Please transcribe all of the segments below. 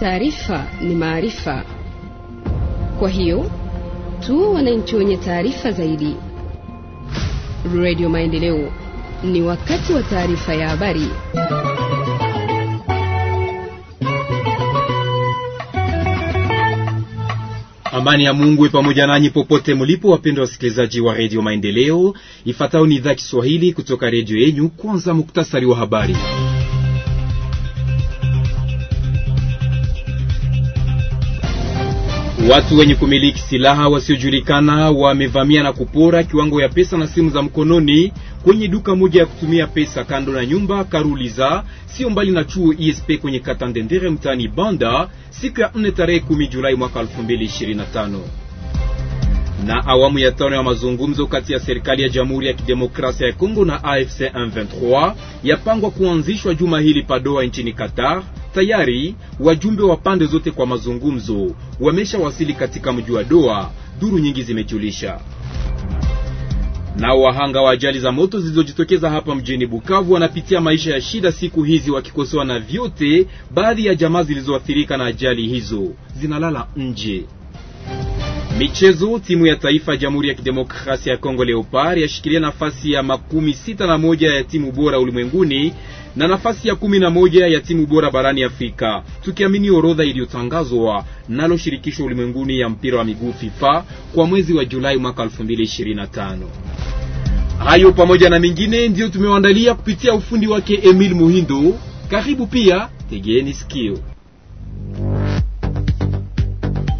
Taarifa ni maarifa, kwa hiyo tu wananchi wenye taarifa zaidi. Radio Maendeleo, ni wakati wa taarifa ya habari. Amani ya Mungu pamoja nanyi popote mlipo, wapendwa wasikilizaji wa Redio Maendeleo. Ifuatayo ni idhaa Kiswahili kutoka redio yenyu. Kwanza muktasari wa habari. Watu wenye kumiliki silaha wasiojulikana wamevamia na kupora kiwango ya pesa na simu za mkononi kwenye duka moja ya kutumia pesa kando na nyumba Karuliza, sio mbali na chuo ISP kwenye Katandendere mtaani Banda, siku ya 4 tarehe 10 Julai mwaka 2025 na awamu ya tano ya mazungumzo kati ya serikali ya Jamhuri ya Kidemokrasia ya Kongo na AFC M23 yapangwa kuanzishwa juma hili Padoa nchini Qatar. Tayari wajumbe wa pande zote kwa mazungumzo wameshawasili katika mji wa Doha, duru nyingi zimejulisha. Nao wahanga wa ajali za moto zilizojitokeza hapa mjini Bukavu wanapitia maisha ya shida siku hizi, wakikosoa na vyote. Baadhi ya jamaa zilizoathirika na ajali hizo zinalala nje. Michezo, timu ya taifa ya Jamhuri ya Kidemokrasia ya Kongo Leopard yashikilia nafasi ya makumi sita na moja ya timu bora ulimwenguni na nafasi ya kumi na moja ya timu bora barani Afrika, tukiamini orodha iliyotangazwa nalo shirikisho ulimwenguni ya mpira wa miguu FIFA kwa mwezi wa Julai mwaka 2025. Hayo pamoja na mengine ndiyo tumewaandalia kupitia ufundi wake Emil Muhindo. Karibu pia, tegeni sikio.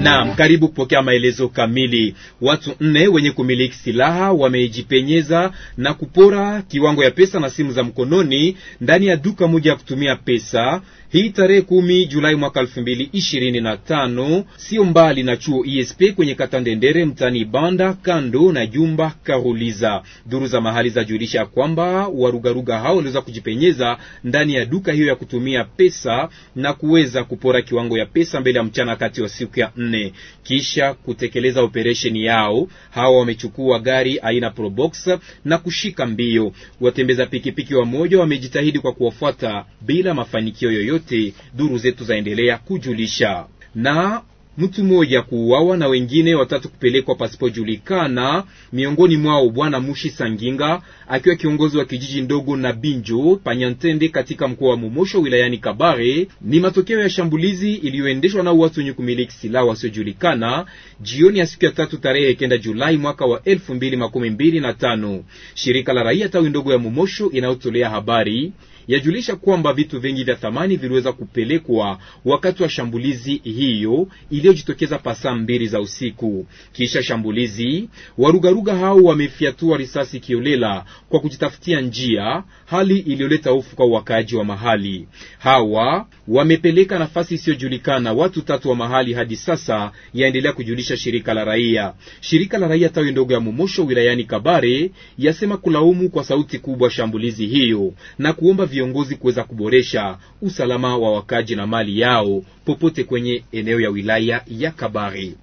Naam, karibu kupokea maelezo kamili. Watu nne wenye kumiliki silaha wamejipenyeza na kupora kiwango ya pesa na simu za mkononi ndani ya duka moja ya kutumia pesa hii tarehe kumi Julai mwaka elfu mbili ishirini na tano sio mbali na chuo ESP kwenye kata Ndendere mtani Banda, kando na jumba Karuliza. Duru za mahali zajulisha kwamba warugaruga hao waliweza kujipenyeza ndani ya duka hiyo ya kutumia pesa na kuweza kupora kiwango ya pesa mbele ya mchana kati wa siku ya nne nne. Kisha kutekeleza operesheni yao, hawa wamechukua gari aina Probox na kushika mbio. Watembeza pikipiki wamoja wamejitahidi kwa kuwafuata bila mafanikio yoyote, duru zetu zaendelea kujulisha na mtu mmoja kuuawa na wengine watatu kupelekwa pasipojulikana, miongoni mwao bwana Mushi Sanginga akiwa kiongozi wa kijiji ndogo na Binjo Panyantende katika mkoa wa Momosho wilayani Kabare. Ni matokeo ya shambulizi iliyoendeshwa na watu wenye kumiliki silaha wasiojulikana jioni ya siku ya tatu tarehe kenda Julai mwaka wa elfu mbili makumi mbili na tano. Shirika la raia tawi ndogo ya Momosho inayotolea habari yajulisha kwamba vitu vingi vya thamani viliweza kupelekwa wakati wa shambulizi hiyo iliyojitokeza pasaa mbili za usiku. Kisha shambulizi, warugaruga hao wamefyatua risasi kiolela kwa kujitafutia njia, hali iliyoleta hofu kwa wakaaji wa mahali. Hawa wamepeleka nafasi isiyojulikana watu tatu wa mahali hadi sasa, yaendelea kujulisha shirika la raia. Shirika la raia tawi ndogo ya Mumosho wilayani Kabare yasema kulaumu kwa sauti kubwa shambulizi hiyo na kuomba viongozi kuweza kuboresha usalama wa wakaji na mali yao popote kwenye eneo ya wilaya ya Kabare.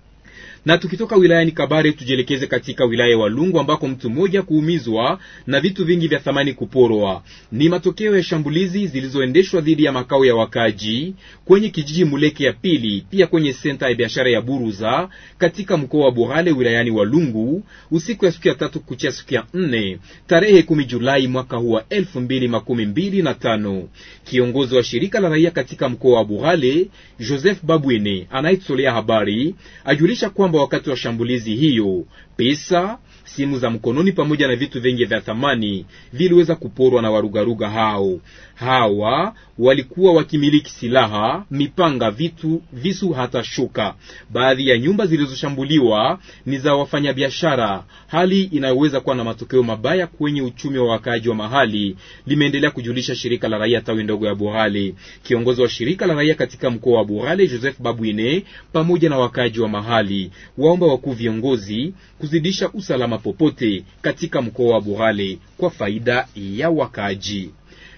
Na tukitoka wilayani Kabare tujielekeze katika wilaya wa Lungu ambako mtu mmoja kuumizwa na vitu vingi vya thamani kuporwa. Ni matokeo ya shambulizi zilizoendeshwa dhidi ya makao ya wakaji kwenye kijiji Muleke ya pili, pia kwenye senta ya biashara ya Buruza katika mkoa wa Buhale wilayani wa Lungu usiku ya siku ya tatu kuchia siku ya nne tarehe kumi Julai mwaka huu wa tano. Kiongozi wa shirika la raia katika mkoa wa Buhale Joseph Babwene anayetutolea habari ajulisha kwamba kwamba wakati wa shambulizi hiyo pesa, simu za mkononi pamoja na vitu vingi vya thamani viliweza kuporwa na warugaruga hao. Hawa walikuwa wakimiliki silaha, mipanga, vitu, visu hata shuka. Baadhi ya nyumba zilizoshambuliwa ni za wafanyabiashara, hali inayoweza kuwa na matokeo mabaya kwenye uchumi wa wakaaji wa mahali, limeendelea kujulisha shirika la raia tawi ndogo ya burale Kiongozi wa shirika la raia katika mkoa wa burale Joseph Babuine pamoja na wakaaji wa mahali waomba wakuu viongozi kuzidisha usalama popote katika mkoa wa Burale kwa faida ya wakaaji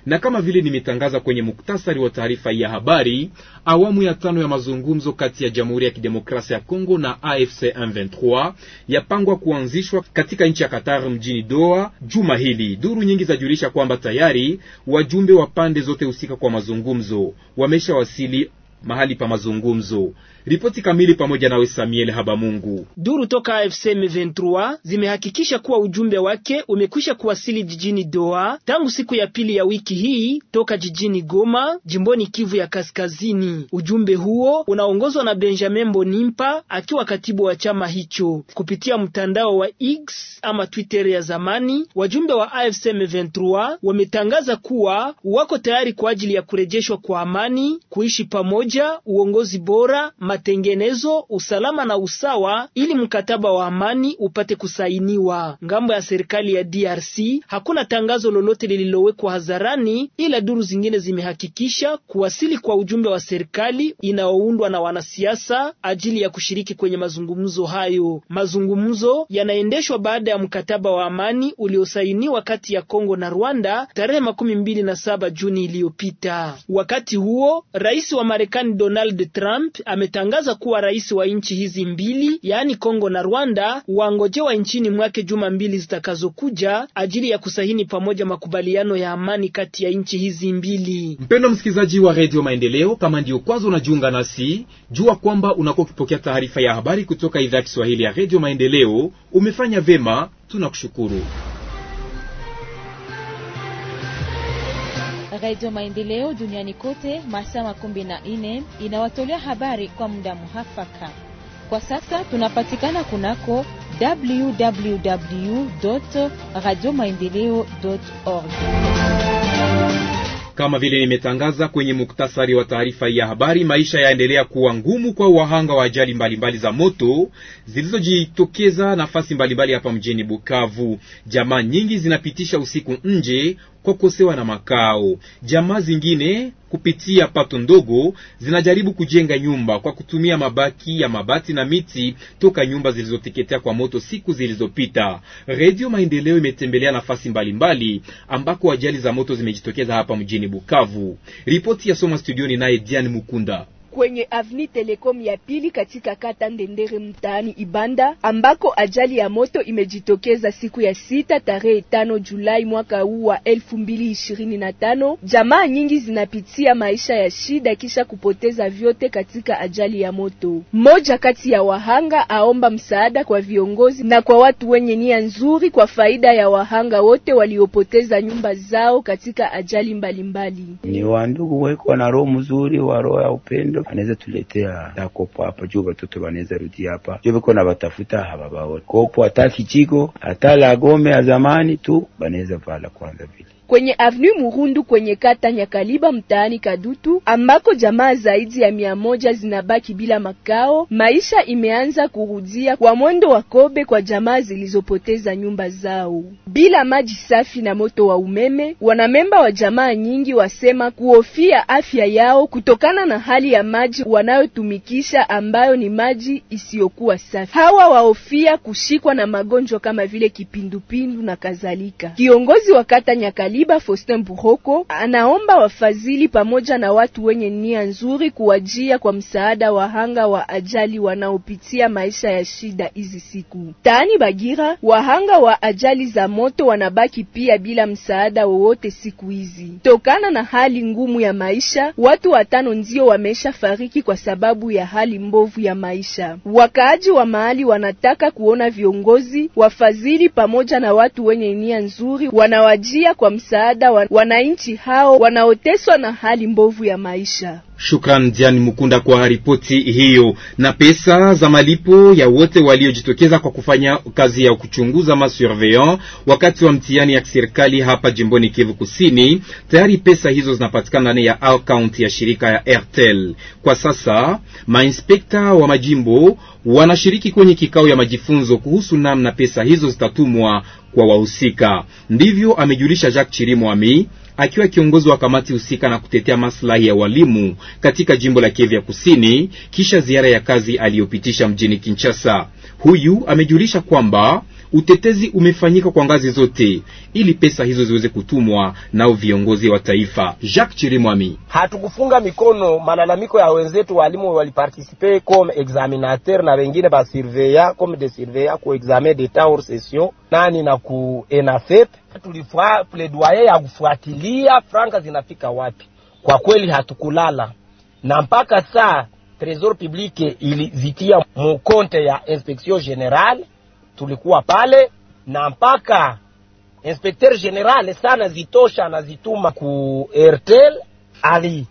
na kama vile nimetangaza kwenye muktasari wa taarifa ya habari, awamu ya tano ya mazungumzo kati ya Jamhuri ya Kidemokrasia ya Kongo na AFC M23 yapangwa kuanzishwa katika nchi ya Qatar mjini Doha juma hili. Duru nyingi zajulisha kwamba tayari wajumbe wa pande zote husika kwa mazungumzo wameshawasili mahali pa mazungumzo. Ripoti kamili pamoja nawe Samuel Habamungu. Duru toka AFC M23 zimehakikisha kuwa ujumbe wake umekwisha kuwasili jijini Doha tangu siku ya pili ya wiki hii toka jijini Goma, jimboni Kivu ya Kaskazini. Ujumbe huo unaongozwa na Benjamin bonimpa akiwa katibu wa chama hicho. Kupitia mtandao wa X ama Twitter ya zamani, wajumbe wa AFC M23 wametangaza kuwa wako tayari kwa ajili ya kurejeshwa kwa amani, kuishi pamoja, uongozi bora matengenezo, usalama na usawa ili mkataba wa amani upate kusainiwa. Ngambo ya serikali ya DRC hakuna tangazo lolote lililowekwa hadharani, ila duru zingine zimehakikisha kuwasili kwa ujumbe wa serikali inayoundwa na wanasiasa ajili ya kushiriki kwenye mazungumzo hayo. Mazungumzo yanaendeshwa baada ya mkataba wa amani uliosainiwa kati ya Kongo na Rwanda tarehe makumi mbili na saba Juni iliyopita. Wakati huo rais wa Marekani Donald Trump ametangaza alitangaza kuwa rais wa nchi hizi mbili yaani Kongo na Rwanda wangojewa nchini mwake juma mbili zitakazokuja ajili ya kusahini pamoja makubaliano ya amani kati ya nchi hizi mbili. Mpendwa msikilizaji wa Radio Maendeleo, kama ndio kwanza unajiunga nasi, jua kwamba unakuwa ukipokea taarifa ya habari kutoka idhaa ya Kiswahili ya Radio Maendeleo. Umefanya vema, tunakushukuru. Radio Maendeleo duniani kote masaa makumi na nne inawatolea habari kwa muda muhafaka. Kwa sasa tunapatikana kunako www radio maendeleo org. Kama vile nimetangaza kwenye muktasari wa taarifa ya habari, maisha yaendelea kuwa ngumu kwa wahanga wa ajali mbalimbali za moto zilizojitokeza nafasi mbalimbali hapa mjini Bukavu. Jamaa nyingi zinapitisha usiku nje kukosewa na makao. Jamaa zingine kupitia pato ndogo zinajaribu kujenga nyumba kwa kutumia mabaki ya mabati na miti toka nyumba zilizoteketea kwa moto siku zilizopita. Redio Maendeleo imetembelea nafasi mbalimbali ambako ajali za moto zimejitokeza hapa mjini Bukavu. Ripoti ya Soma studioni naye Diane Mukunda kwenye Avni Telecom ya pili katika kata Ndendere mtaani Ibanda ambako ajali ya moto imejitokeza siku ya sita tarehe tano Julai mwaka huu wa elfu mbili ishirini na tano. Jamaa nyingi zinapitia maisha ya shida kisha kupoteza vyote katika ajali ya moto. Mmoja kati ya wahanga aomba msaada kwa viongozi na kwa watu wenye nia nzuri kwa faida ya wahanga wote waliopoteza nyumba zao katika ajali mbalimbali mbali. Ni wandugu weko na roho mzuri wa roho ya upendo anaweza tuletea ah, ta kopo hapa juu watoto wanaweza rudi hapa juu viko na watafuta hawabaoni ah, kopo hata kichiko hata lagome ya zamani tu wanaweza vala kwanza vile kwenye Avenue Murundu kwenye kata Nyakaliba mtaani Kadutu ambako jamaa zaidi ya mia moja zinabaki bila makao. Maisha imeanza kurudia kwa mwendo wa kobe kwa jamaa zilizopoteza nyumba zao bila maji safi na moto wa umeme. Wanamemba wa jamaa nyingi wasema kuhofia afya yao kutokana na hali ya maji wanayotumikisha ambayo ni maji isiyokuwa safi. Hawa waofia kushikwa na magonjwa kama vile kipindupindu na kadhalika. Kiongozi wa kata Nyakaliba Biba Faustin Buroko anaomba wafadhili pamoja na watu wenye nia nzuri kuwajia kwa msaada wahanga wa ajali wanaopitia maisha ya shida hizi siku. Taani Bagira, wahanga wa ajali za moto wanabaki pia bila msaada wowote siku hizi. Tokana na hali ngumu ya maisha, watu watano ndio wamesha fariki kwa sababu ya hali mbovu ya maisha. Wakaaji wa mahali wanataka kuona viongozi, wafadhili pamoja na watu wenye nia nzuri wanawajia kwa msaada msaada wa wananchi hao wanaoteswa na hali mbovu ya maisha. Shukran Dian Mukunda kwa ripoti hiyo. Na pesa za malipo ya wote waliojitokeza kwa kufanya kazi ya kuchunguza masurveillant wakati wa mtihani ya serikali hapa jimboni Kivu Kusini, tayari pesa hizo zinapatikana ndani ya account ya shirika ya Airtel. Kwa sasa mainspekta wa majimbo wanashiriki kwenye kikao ya majifunzo kuhusu namna pesa hizo zitatumwa kwa wahusika. Ndivyo amejulisha Jacques Chirimwami akiwa kiongozi wa kamati husika na kutetea maslahi ya walimu katika jimbo la Kivu ya Kusini kisha ziara ya kazi aliyopitisha mjini Kinshasa. Huyu amejulisha kwamba utetezi umefanyika kwa ngazi zote ili pesa hizo ziweze kutumwa nao viongozi wa taifa. Jacques Chirimwami: hatukufunga mikono malalamiko ya wenzetu, walimu walipartisipe comme examinateur na wengine ba surveya comme de surveya ku examen d'etat hors session nani na ku ENAFEP. Tulifua plaidoyer ya kufuatilia franka zinafika wapi. Kwa kweli hatukulala na mpaka saa trésor public ilizitia mukonte ya inspection generale tulikuwa pale na mpaka inspecteur general sana zitosha anazituma ku Airtel ali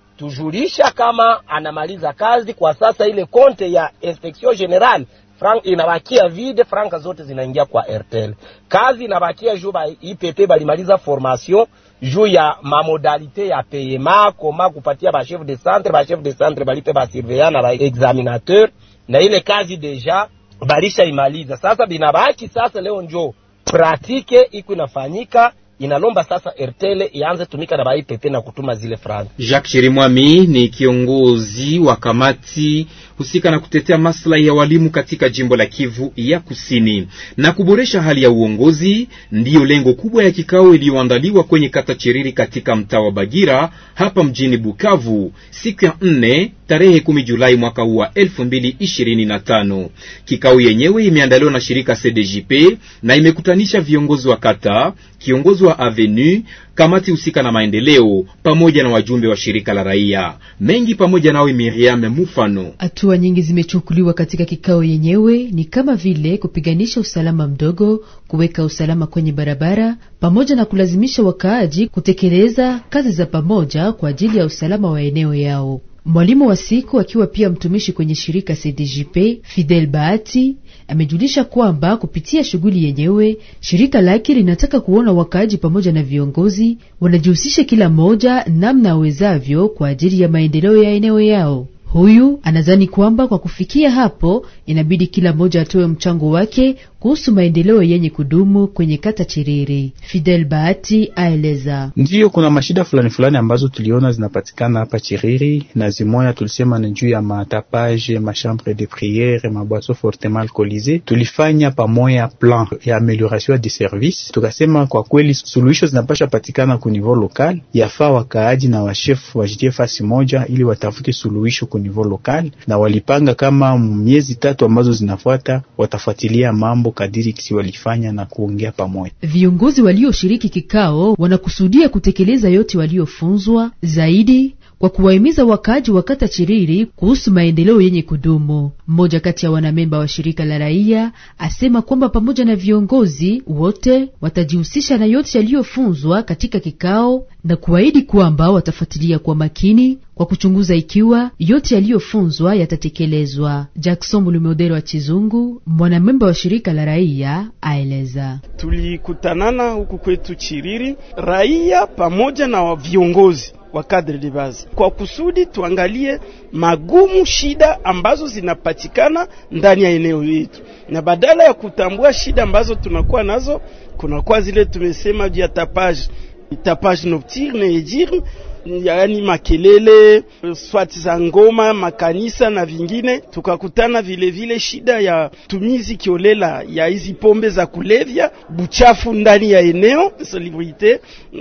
kama anamaliza kazi kwa sasa. Ile konte ya inspection general frank inabakia vide, franka zote zinaingia kwa Airtel. Kazi inabakia juu ba IPP balimaliza formation juu ya mamodalite ya paiement, koma kupatia ba chef de centre, ba chef de centre balipe ba surveillant na ba examinateur, na ile kazi deja Barisha imaliza sasa, binabaki sasa, leo njo pratike iko inafanyika inalomba sasa Airtel ianze tumika na bai pepe na kutuma zile franga. Jacques Chirimwami ni kiongozi wa kamati husika na kutetea maslahi ya walimu katika jimbo la Kivu ya Kusini na kuboresha hali ya uongozi. Ndiyo lengo kubwa ya kikao iliyoandaliwa kwenye kata Chiriri katika mtaa wa Bagira hapa mjini Bukavu siku ya nne tarehe 10 Julai mwaka huu wa 2025. Kikao yenyewe imeandaliwa na shirika CDJP na imekutanisha viongozi wa kata, kiongozi wa Avenue, kamati husika na maendeleo pamoja na wajumbe wa shirika la raia mengi pamoja nawe Miriam Mufano. Hatua nyingi zimechukuliwa katika kikao yenyewe ni kama vile kupiganisha usalama mdogo, kuweka usalama kwenye barabara pamoja na kulazimisha wakaaji kutekeleza kazi za pamoja kwa ajili ya usalama wa eneo yao. Mwalimu wa siku akiwa pia mtumishi kwenye shirika CDJP Fidel Bahati amejulisha kwamba kupitia shughuli yenyewe shirika lake linataka kuona wakaaji pamoja na viongozi wanajihusisha kila mmoja namna awezavyo kwa ajili ya maendeleo ya eneo yao. Huyu anadhani kwamba kwa kufikia hapo inabidi kila mmoja atoe mchango wake kuhusu maendeleo yenye kudumu kwenye kata Chiriri. Fidel Bahati aeleza: ndiyo kuna mashida fulani fulani ambazo tuliona zinapatikana hapa Chiriri, na zimoya tulisema ni juu ya matapaje, machambre de priere, mabwaso fortement alcoolisé. Tulifanya pamoya plan ya amelioration de service, tukasema kwa kweli suluhisho zinapasha patikana ku niveau local, yafaa wakaaji na washef wajitie fasi moja ili watafute suluhisho ku niveau local, na walipanga kama miezi tatu ambazo zinafuata watafuatilia mambo mambo kadiri walifanya na kuongea pamoja. Viongozi walioshiriki kikao wanakusudia kutekeleza yote waliofunzwa zaidi kwa kuwahimiza wakaaji wa kata Chiriri kuhusu maendeleo yenye kudumu. Mmoja kati ya wanamemba wa shirika la raia asema kwamba pamoja na viongozi wote watajihusisha na yote yaliyofunzwa katika kikao na kuahidi kwamba watafuatilia kwa makini kwa kuchunguza ikiwa yote yaliyofunzwa yatatekelezwa. Jackson Mulumodero wa Chizungu, mwanamemba wa shirika la raia, aeleza: tulikutanana huku kwetu Chiriri, raia pamoja na viongozi wa kadri de base kwa kusudi tuangalie magumu, shida ambazo zinapatikana kupatikana ndani ya eneo yetu, na badala ya kutambua shida ambazo tunakuwa nazo, kunakuwa zile tumesema juu ya tapaji tapage nocturne et dire yaani makelele swati za ngoma makanisa na vingine, tukakutana vilevile vile shida ya tumizi kiolela ya hizi pombe za kulevya, buchafu ndani ya eneo selibrite.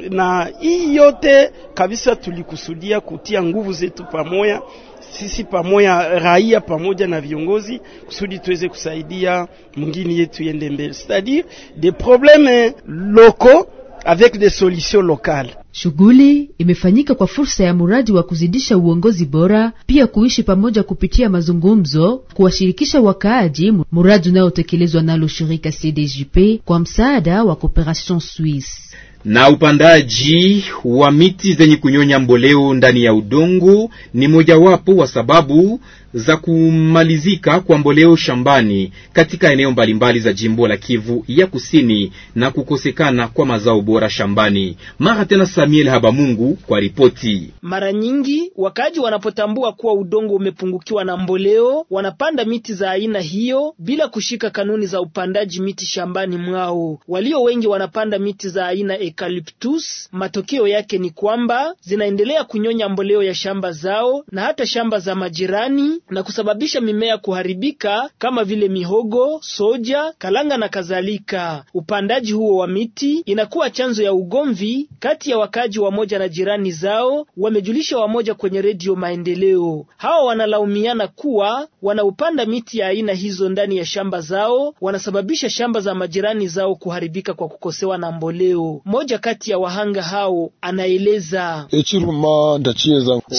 Na hii yote kabisa tulikusudia kutia nguvu zetu pamoja sisi pamoja raia pamoja na viongozi kusudi tuweze kusaidia mwingine yetu yende mbele, c'est-à-dire des problèmes locaux avec des solutions locales. Shughuli imefanyika kwa fursa ya mradi wa kuzidisha uongozi bora, pia kuishi pamoja kupitia mazungumzo, kuwashirikisha wakaaji, mradi unaotekelezwa nalo shirika CDJP kwa msaada wa Cooperation Suisse na upandaji wa miti zenye kunyonya mboleo ndani ya udongo ni mojawapo wa sababu za kumalizika kwa mboleo shambani katika eneo mbalimbali za jimbo la Kivu ya Kusini na kukosekana kwa mazao bora shambani. Mara tena Samuel Habamungu kwa ripoti. Mara nyingi wakaji wanapotambua kuwa udongo umepungukiwa na mboleo, wanapanda miti za aina hiyo bila kushika kanuni za upandaji miti shambani mwao. Walio wengi wanapanda miti za aina eucalyptus. Matokeo yake ni kwamba zinaendelea kunyonya mboleo ya shamba zao na hata shamba za majirani na kusababisha mimea kuharibika kama vile mihogo, soja, kalanga na kadhalika. Upandaji huo wa miti inakuwa chanzo ya ugomvi kati ya wakaaji wamoja na jirani zao, wamejulisha wamoja kwenye redio Maendeleo. Hawa wanalaumiana kuwa wanaupanda miti ya aina hizo ndani ya shamba zao, wanasababisha shamba za majirani zao kuharibika kwa kukosewa na mboleo. Mmoja kati ya wahanga hao anaeleza: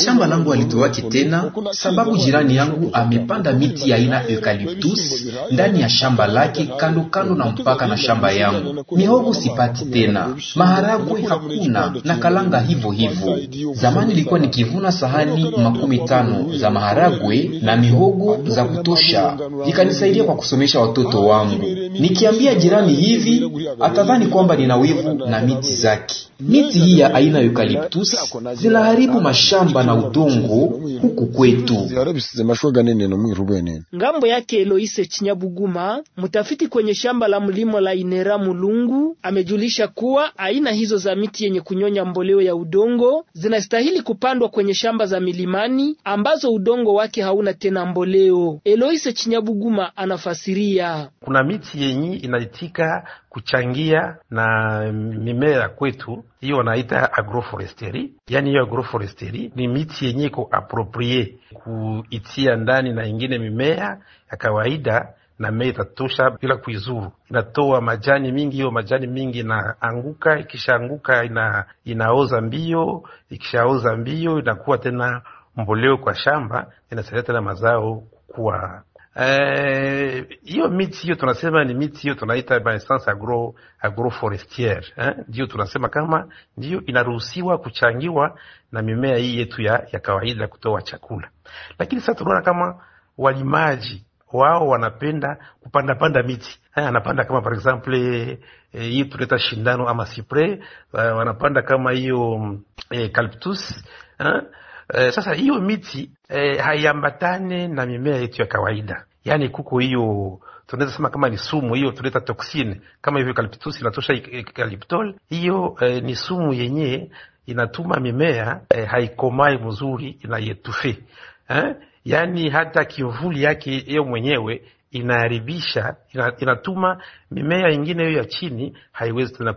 shamba langu alituwaki tena sababu jirani yangu amepanda miti ya aina eucalyptus ndani ya shamba lake kando kando na mpaka na shamba yangu. Mihogo sipati tena, maharagwe hakuna na kalanga hivyo hivyo. Zamani ilikuwa nikivuna sahani makumi tano za maharagwe na mihogo za kutosha, ikanisaidia kwa kusomesha watoto wangu. Nikiambia jirani hivi, atadhani kwamba nina wivu na miti zake. Miti hii ya aina eucalyptus zinaharibu mashamba na udongo huku kwetu. Ngambo yake Eloise Chinyabuguma, mtafiti kwenye shamba la mlimo la Inera Mulungu, amejulisha kuwa aina hizo za miti yenye kunyonya mboleo ya udongo zinastahili kupandwa kwenye shamba za milimani ambazo udongo wake hauna tena mboleo. Eloise Chinyabuguma anafasiria. Kuna miti yenye inaitika kuchangia na mimea kwetu, hiyo wanaita agroforesteri. Yani hiyo agroforesteri ni miti yenye iko aproprie kuitia ndani na ingine mimea ya kawaida na mea itatosha bila kuizuru, inatoa majani mingi. Hiyo majani mingi inaanguka, ikishaanguka ina, inaoza mbio, ikishaoza mbio inakuwa tena mboleo kwa shamba, inasaidia tena mazao kukua Eh, hiyo eh, miti hiyo tunasema ni miti hiyo tunaita instance agro agroforestiere eh? ndio tunasema kama ndio inaruhusiwa kuchangiwa na mimea hii yetu ya, ya kawaida kutoa chakula, lakini sasa tunaona kama walimaji wao wanapenda kupandapanda miti ha, eh? anapanda kama for example hii e, shindano ama cypress, wanapanda kama hiyo e, calptus E, sasa hiyo miti e, haiambatane na mimea yetu ya kawaida, yaani kuko hiyo tunaweza sema kama ni sumu hiyo, tuleta toksini kama hivyo eucalyptus inatosha e, e, eucalyptol hiyo e, ni sumu yenye inatuma mimea e, haikomai mzuri inayetufe eh? Yaani hata kimvuli yake yeye mwenyewe inaharibisha inatuma mimea ingine hiyo ya chini haiwezi tena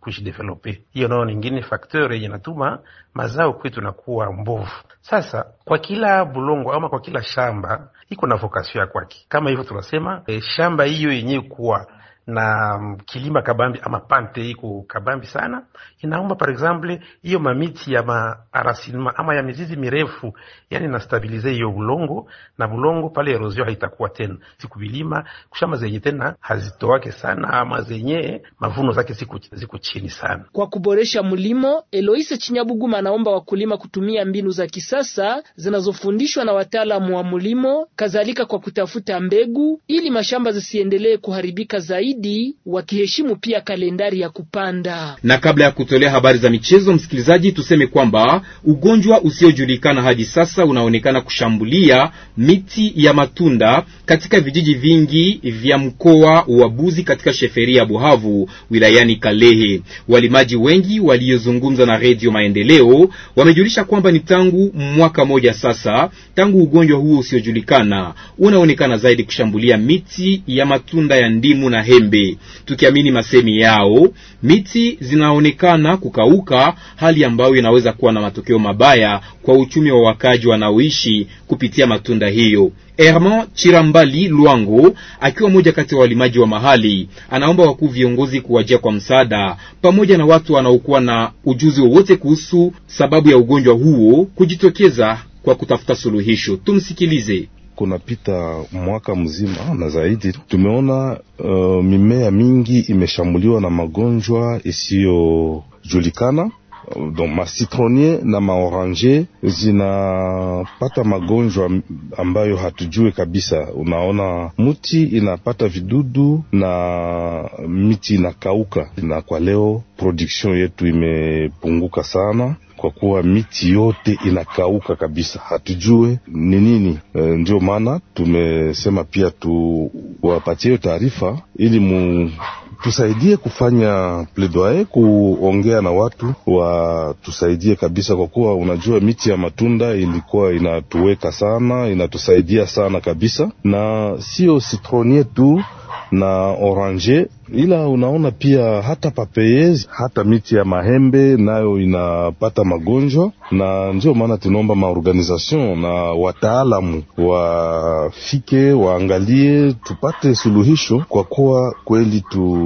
kujidevelope. Hiyo nayo ningine factor yenye inatuma mazao kwetu nakuwa mbovu. Sasa kwa kila bulongo ama kwa kila shamba iko na vokasio ya kwake, kama hivyo tunasema e, shamba hiyo yenyewe kuwa na kilima kabambi ama pante iko kabambi sana, inaomba par exemple hiyo mamiti ya maarasinma ama ya mizizi mirefu, yani stabilize hiyo bulongo na bulongo pale, erosio haitakuwa tena siku vilima kushama zenye tena hazitoake sana ama zenye mavuno zake siku, ziko chini sana. Kwa kuboresha mlimo, Eloise Chinyabuguma anaomba wakulima kutumia mbinu za kisasa zinazofundishwa na wataalamu wa mlimo, kadhalika kwa kutafuta mbegu ili mashamba zisiendelee kuharibika zaidi zaidi wakiheshimu pia kalendari ya kupanda. Na kabla ya kutolea habari za michezo, msikilizaji, tuseme kwamba ugonjwa usiojulikana hadi sasa unaonekana kushambulia miti ya matunda katika vijiji vingi vya mkoa wa Buzi katika sheferi ya Buhavu wilayani Kalehe. Walimaji wengi waliozungumza na Redio Maendeleo wamejulisha kwamba ni tangu mwaka moja sasa tangu ugonjwa huo usiojulikana unaonekana zaidi kushambulia miti ya matunda ya ndimu na hemi. Mazembe. Tukiamini masemi yao, miti zinaonekana kukauka, hali ambayo inaweza kuwa na matokeo mabaya kwa uchumi wa wakaji wanaoishi kupitia matunda hiyo. Herman Chirambali Lwango akiwa mmoja kati ya walimaji wa mahali anaomba wakuu viongozi kuwajia kwa msaada pamoja na watu wanaokuwa na ujuzi wowote kuhusu sababu ya ugonjwa huo kujitokeza kwa kutafuta suluhisho. Tumsikilize kunapita mwaka mzima na zaidi, tumeona uh, mimea mingi imeshambuliwa na magonjwa isiyojulikana donc masitronier na maorange zinapata magonjwa ambayo hatujue kabisa. Unaona, muti inapata vidudu na miti inakauka, na kwa leo production yetu imepunguka sana, kwa kuwa miti yote inakauka kabisa, hatujue ni nini e, ndio maana tumesema pia tuwapatie hiyo taarifa ili mu tusaidie kufanya pledoye, kuongea na watu watusaidie kabisa, kwa kuwa unajua miti ya matunda ilikuwa inatuweka sana, inatusaidia sana kabisa, na sio citronier tu na orange ila unaona pia hata papeyes hata miti ya mahembe nayo inapata magonjwa, na ndio maana tunaomba maorganization na wataalamu wafike waangalie, tupate suluhisho, kwa kuwa kweli tu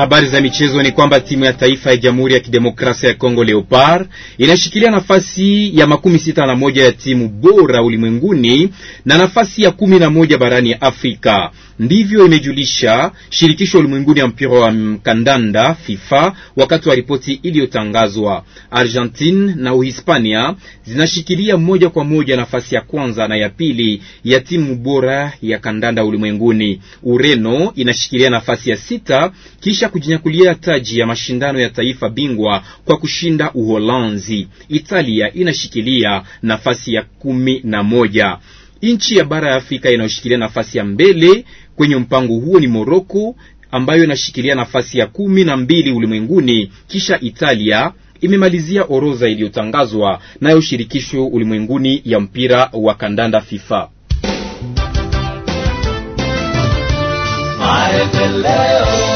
Habari za michezo ni kwamba timu ya taifa ya Jamhuri ya Kidemokrasia ya Kongo Leopard inashikilia nafasi ya makumi sita na moja ya timu bora ulimwenguni na nafasi ya kumi na moja barani Afrika. Ndivyo imejulisha shirikisho ulimwenguni ya mpira wa kandanda FIFA wakati wa ripoti iliyotangazwa. Argentine na Uhispania zinashikilia moja kwa moja nafasi ya kwanza na ya pili ya timu bora ya kandanda ulimwenguni. Ureno inashikilia nafasi ya sita kisha kujinyakulia taji ya mashindano ya taifa bingwa kwa kushinda Uholanzi. Italia inashikilia nafasi ya kumi na moja. Nchi ya bara ya Afrika inayoshikilia nafasi ya mbele Kwenye mpango huo ni Moroko ambayo inashikilia nafasi ya kumi na mbili ulimwenguni, kisha Italia imemalizia orodha iliyotangazwa nayo shirikisho ulimwenguni ya mpira wa kandanda FIFA. Maendeleo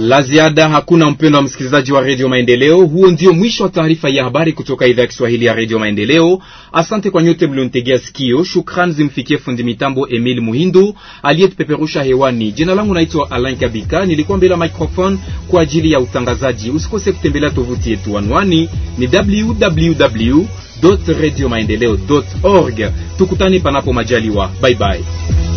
la ziada hakuna, mpendo wa msikilizaji wa redio Maendeleo. Huo ndio mwisho wa taarifa ya habari kutoka idhaa ya Kiswahili ya redio Maendeleo. Asante kwa nyote mlionitegea sikio. Shukrani zimfikie fundi mitambo Emil Muhindu aliyetupeperusha hewani. Jina langu naitwa Alain Kabika, nilikuwa mbele ya microphone kwa ajili ya utangazaji. Usikose kutembelea tovuti yetu, anwani ni www radio maendeleo org. Tukutane panapo majaliwa, bye bye.